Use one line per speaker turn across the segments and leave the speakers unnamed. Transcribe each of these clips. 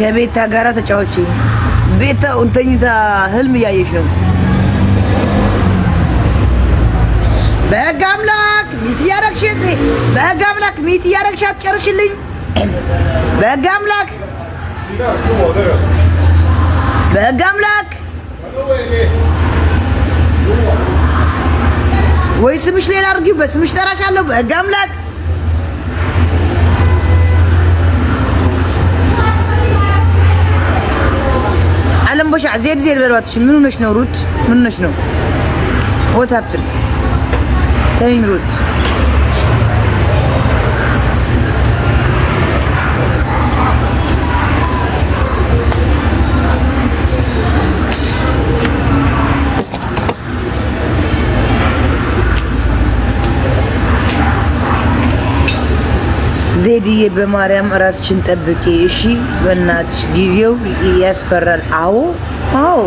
ከቤታ ጋራ ተጫዎች ቤታ እንተኝታ ህልም እያየች ነው። በህግ አምላክ ሚት እያረግሽ በህግ አምላክ ሚት እያረግሽ አትጨርሽልኝ። በህግ አምላክ በህግ አምላክ ወይ ስምሽ ሌላ አድርጊው። በስምሽ ጠራሻለሁ። በህግ አምላክ አለም ቦሻዕ ዜድ ዜድ በርባትሽ ምን ሆነሽ ነው ሩት? ምን ሆነሽ ነው? ወታፕል ተይኝ ሩት ዜድዬ በማርያም ራስችን ጠብቂ እሺ፣ በእናትሽ ጊዜው ያስፈራል። አዎ አዎ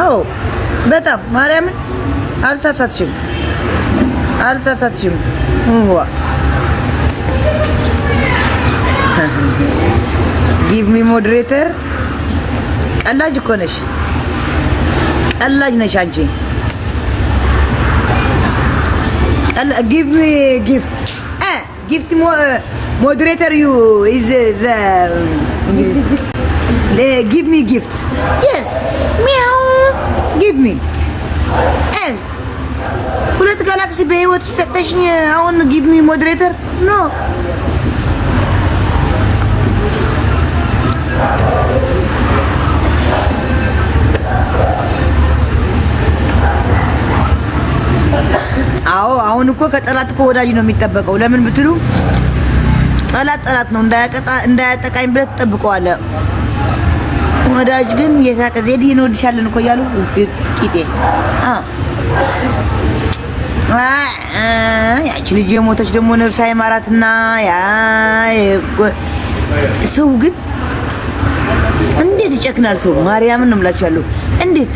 አዎ፣ በጣም ማርያምን አልተሳሳትሽም፣ አልተሳሳትሽም። ዋ ጊቭ ሚ ሞዴሬተር። ቀላጅ እኮ ነሽ፣ ቀላጅ ነሽ አንቺ። ጊቭ ሚ ጊፍት ጊፍት ሞዴሬተር ዩ ኢዝ ዘ ጊቭ ሚ ጊፍት የስ ሚያው ጊቭ ሚ ሁለት ጋላክሲ በህይወት ሰጠሽኝ። አሁን ጊቭ ሚ ሞዴሬተር ኖ አዎ አሁን እኮ ከጠላት እኮ ወዳጅ ነው የሚጠበቀው። ለምን ብትሉ ጠላት ጠላት ነው፣ እንዳያቀጣ እንዳያጠቃኝ ብለህ ትጠብቀዋለህ። ወዳጅ ግን የሳቀ ዜድ እንወድሻለን እኮ እያሉ ቂጤ ያቺ ልጅ የሞተች ደግሞ ነብሳ የማራትና ሰው ግን እንዴት ይጨክናል ሰው? ማርያምን ነው እምላችኋለሁ። እንዴት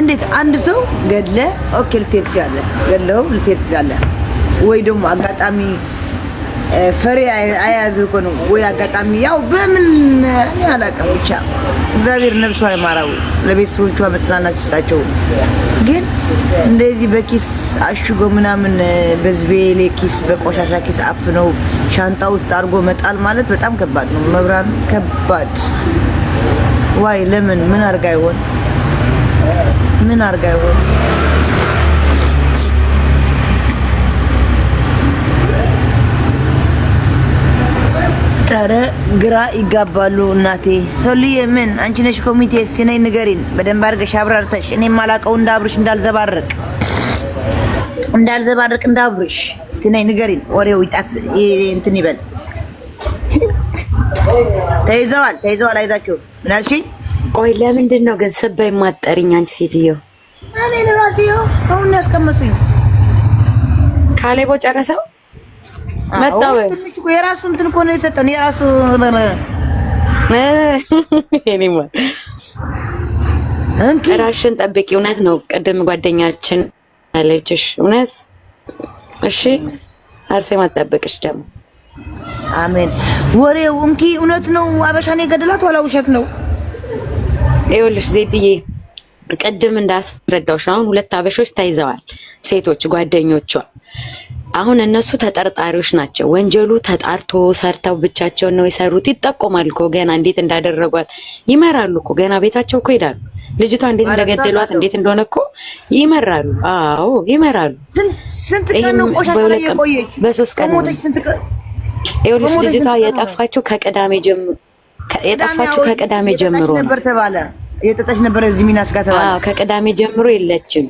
እንዴት አንድ ሰው ገድለ ኦኬ ልትሄድ ትችላለህ፣ ገድለው ልትሄድ ትችላለህ ወይ ደግሞ አጋጣሚ ፍሬ አያዝ ነው ወይ አጋጣሚ ያው በምን እኔ አላውቅም። ብቻ እግዚአብሔር ነፍሱ አይማራው ለቤተሰቦቿ መጽናናት ይስጣቸው። ግን እንደዚህ በኪስ አሽጎ ምናምን በዝቤሌ ኪስ በቆሻሻ ኪስ አፍነው ሻንጣ ውስጥ አድርጎ መጣል ማለት በጣም ከባድ ነው። መብራን ከባድ ዋይ ለምን ምን አርጋ ይሆን ምን አርጋ ይሆን ኧረ ግራ ይጋባሉ እናቴ። ሰውልዬ ምን አንቺ ነሽ ኮሚቴ? እስኪ ነይ ንገሪን በደንብ አድርገሽ አብራርተሽ። እኔ ማላቀው እንዳብርሽ አብርሽ እንዳልዘባርቅ እንዳልዘባርቅ እንደ አብርሽ። እስኪ ነይ ንገሪን። ወሬው ይጣፍ እንትን ይበል። ተይዘዋል፣ ተይዘዋል። አይዛችሁ ምን አልሽኝ? ቆይ ለምንድን ነው ግን ስባ የማጠሪኝ አንቺ ሴትዮ? እኔ እራሴ አሁን ያስቀመሱኝ። ካሌቦ ጨረሰው መጣው ትንሽ እኮ የራሱ እንትን እኮ ነው የሰጠን የራሱ እኔማ ጠብቂ። እውነት ነው ቅድም ጓደኛችን አለችሽ። እውነት እሺ፣ አርሴማ አትጠብቅሽ ደግሞ አሜን። ወሬው እንኪ እውነት ነው። አበሻን የገደላት ዋላ ውሸት ነው? ይኸውልሽ ዜድዬ ቅድም እንዳስረዳሁሽ አሁን ሁለት አበሾች ተይዘዋል፣ ሴቶች ጓደኞቿ አሁን እነሱ ተጠርጣሪዎች ናቸው። ወንጀሉ ተጣርቶ ሰርተው ብቻቸውን ነው የሰሩት። ይጠቆማል እኮ ገና እንዴት እንዳደረጓት ይመራሉ እኮ ገና ቤታቸው እኮ ይሄዳሉ። ልጅቷ እንዴት እንደገደሏት እንዴት እንደሆነ እኮ ይመራሉ። አዎ ይመራሉ። ስንት ቀን ቆሻሻ ላይ የቆየች በሶስት ቀን ይኸውልሽ፣ ልጅቷ የጠፋችው ከቅዳሜ ጀምሮ የጠፋችው ከቅዳሜ ጀምሮ ነበር ተባለ። የጠጣች ነበር እዚህ ሚናስ ጋር ተባለ። ከቅዳሜ ጀምሮ የለችም።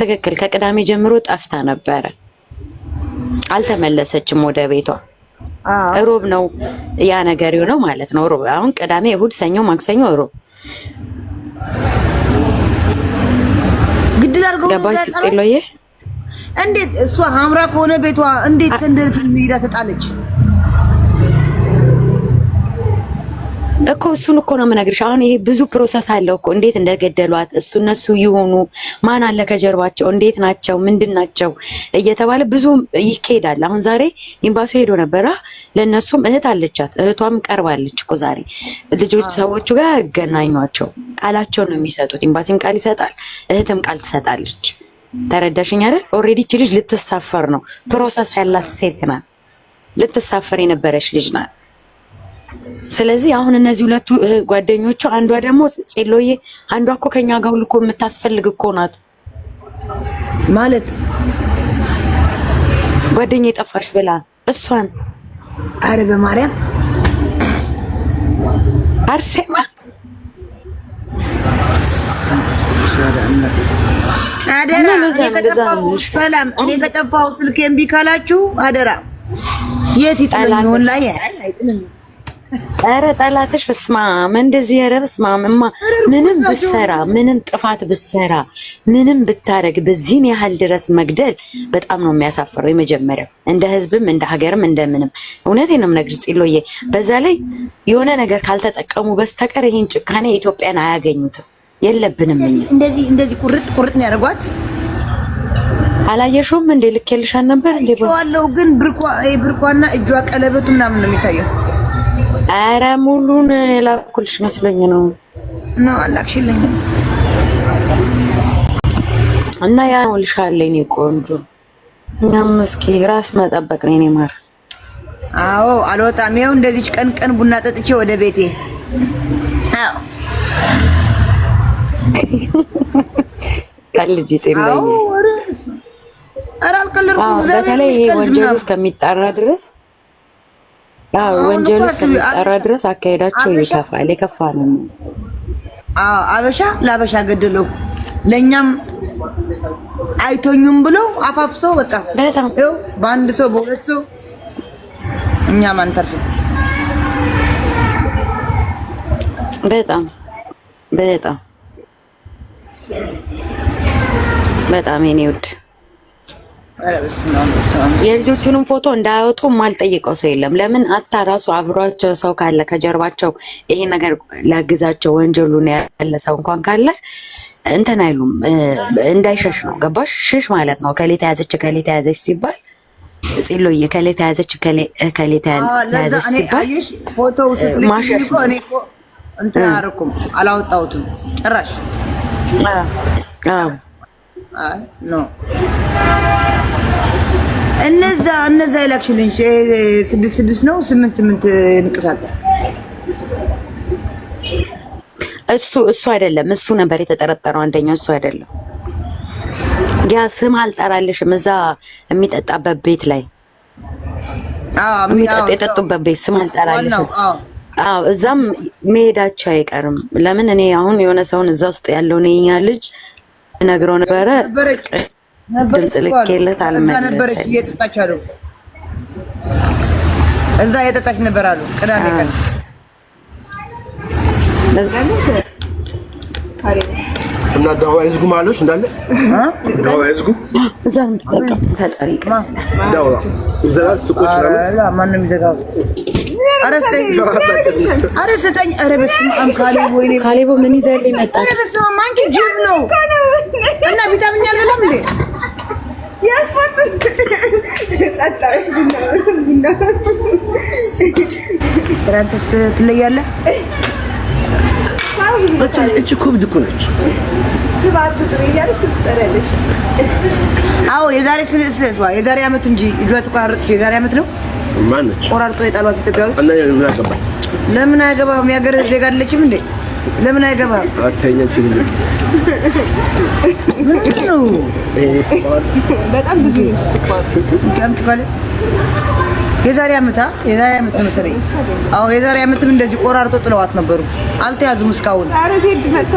ትክክል። ከቅዳሜ ጀምሮ ጠፍታ ነበረ። አልተመለሰችም ወደ ቤቷ። እሮብ ነው ያ ነገር የሆነው ማለት ነው። እሮብ አሁን ቅዳሜ፣ እሁድ፣ ሰኞ፣ ማክሰኞ፣ እሮብ ግድል አድርገው ገባች ውጤሎዬ። እንዴት እሷ ሀምራ ከሆነ ቤቷ እንዴት እንደ ፊልም ሄዳ ተጣለች? እኮ እሱን እኮ ነው የምነግርሽ። አሁን ይሄ ብዙ ፕሮሰስ አለው እኮ እንዴት እንደገደሏት እሱ እነሱ ይሆኑ ማን አለ ከጀርባቸው እንዴት ናቸው ምንድን ናቸው እየተባለ ብዙ ይካሄዳል። አሁን ዛሬ ኤምባሲ ሄዶ ነበረ። ለእነሱም እህት አለቻት፣ እህቷም ቀርባለች እኮ ዛሬ ልጆች ሰዎቹ ጋር ያገናኟቸው። ቃላቸው ነው የሚሰጡት። ኤምባሲም ቃል ይሰጣል፣ እህትም ቃል ትሰጣለች። ተረዳሽኝ አይደል? ኦልሬዲ ይቺ ልጅ ልትሳፈር ነው። ፕሮሰስ ያላት ሴት ናት። ልትሳፈር የነበረች ልጅ ናት። ስለዚህ አሁን እነዚህ ሁለቱ ጓደኞቹ አንዷ ደግሞ ጼሎዬ አንዷ እኮ ከኛ ጋር ሁሉ እኮ የምታስፈልግ እኮ ናት ማለት ጓደኛ የጠፋሽ ብላ እሷን አረ በማርያም አርሴማ አደራ ሰላም፣ እኔ በጠፋው ስልክ እምቢ ካላችሁ አደራ የት ይጥልኝ? ወላሂ አይጥልኝ። ኧረ ጠላትሽ በስመ እንደዚህ ኧረ እማ ምንም ብሰራ ምንም ጥፋት ብሰራ ምንም ብታረግ በዚህን ያህል ድረስ መግደል በጣም ነው የሚያሳፍረው። የመጀመሪያው እንደ ህዝብም እንደ ሀገርም እንደምንም እውነቴን ነው የምነግርሽ ጽሎዬ። በዛ ላይ የሆነ ነገር ካልተጠቀሙ በስተቀር ይህን ጭካኔ ኢትዮጵያን አያገኙትም። የለብንም እንደዚህ እንደዚህ ቁርጥ ቁርጥ ነው ያደርጓት። አላየሽውም እንዴ? ልኬልሻል ነበር እንዴ? ዋለው ግን ብርቋ ብርቋና እጇ ቀለበቱ ምናምን ነው የሚታየው አረ ሙሉን ላኩልሽ መስሎኝ ነው። እና አላክሽልኝም እና ያ ነው ልሻለኝ። ቆንጆ እኛም እስኪ ራስ መጠበቅ ነው ማር። አዎ አልወጣም። ይኸው እንደዚች ቀን ቀን ቡና ጠጥቼ ወደ ቤቴ። አዎ ቀልጅ ይጽምበኝ። አረ አልቀለድኩም። በተለይ ይሄ እስከሚጣራ ድረስ ወንጀሉ እስከሚጣራ ድረስ አካሄዳቸው ይከፋል። የከፋ ነው። አበሻ ለአበሻ ገደለው። ለእኛም አይቶኙም ብሎ አፋፍሶ በቃ በጣም በአንድ ሰው በሁለት ሰው እኛም አንተርፍም። በጣም በጣም በጣም የኔ ውድ የልጆቹንም ፎቶ እንዳያወጡ ማልጠይቀው ሰው የለም። ለምን አታ ራሱ አብሯቸው ሰው ካለ ከጀርባቸው ይሄ ነገር ላግዛቸው ወንጀሉን ያለ ሰው እንኳን ካለ እንትን አይሉም። እንዳይሸሽ ነው ገባሽ? ሽሽ ማለት ነው። ከሌ ተያዘች፣ ከሌ ተያዘች ሲባል ጽሎ ከሌ ተያዘች፣ ከሌ ተያዘች ሲባል ማሸሽ እንትን አያረኩም። አላወጣሁትም ጭራሽ ኖ እነዛ እነዛ የላክሽልኝ ስድስት ስድስት ነው ስምንት ስምንት ንቅሳት እሱ እሱ አይደለም እሱ ነበር የተጠረጠረው። አንደኛው እሱ አይደለም። ያ ስም አልጠራልሽም። እዛ የሚጠጣበት ቤት ላይ የጠጡበት ቤት ስም አልጠራልሽም። አዎ እዛም መሄዳቸው አይቀርም። ለምን እኔ አሁን የሆነ ሰውን እዛ ውስጥ ያለውን የኛ ልጅ ነግሮ ነበረ ድምፅ ልኬለት ነበረች እየጠጣች አሉ። እዛ እየጠጣች ነበር አሉ ቅዳሜ ቀን
እና ዳዋ ይዝጉ ማለች እንዳለ ዳዋ ይዝጉ እዛ ምትጠቀም ፈጣሪ ዳዋ እዛ ሱቆች
አላ ማንም ይዘጋው። ኧረ ምን ይዘህ መጣህ? እና ቪታሚን ያለለም እንዴ ትናንት ትለያለህ። እች ኩብድ እኮ የዛሬ ዓመት እንጂ እጇ ተቆራረጠች። የዛሬ ዓመት ነው ቆራርጦ የጣሏት ኢትዮጵያዊ። ለምን አያገባም? የሀገር ዜጋ አይደለችም እንዴ? ለምን አይገባም? አተኛን ሲል ምንድን ነው? በጣም ብዙ ስኳር ይቀምጥካለ። የዛሬ አመታ የዛሬ አመት ነው መሰለኝ። አዎ የዛሬ ዓመትም እንደዚህ ቆራርጦ ጥለዋት ነበሩ። አልተያዙም እስካሁን።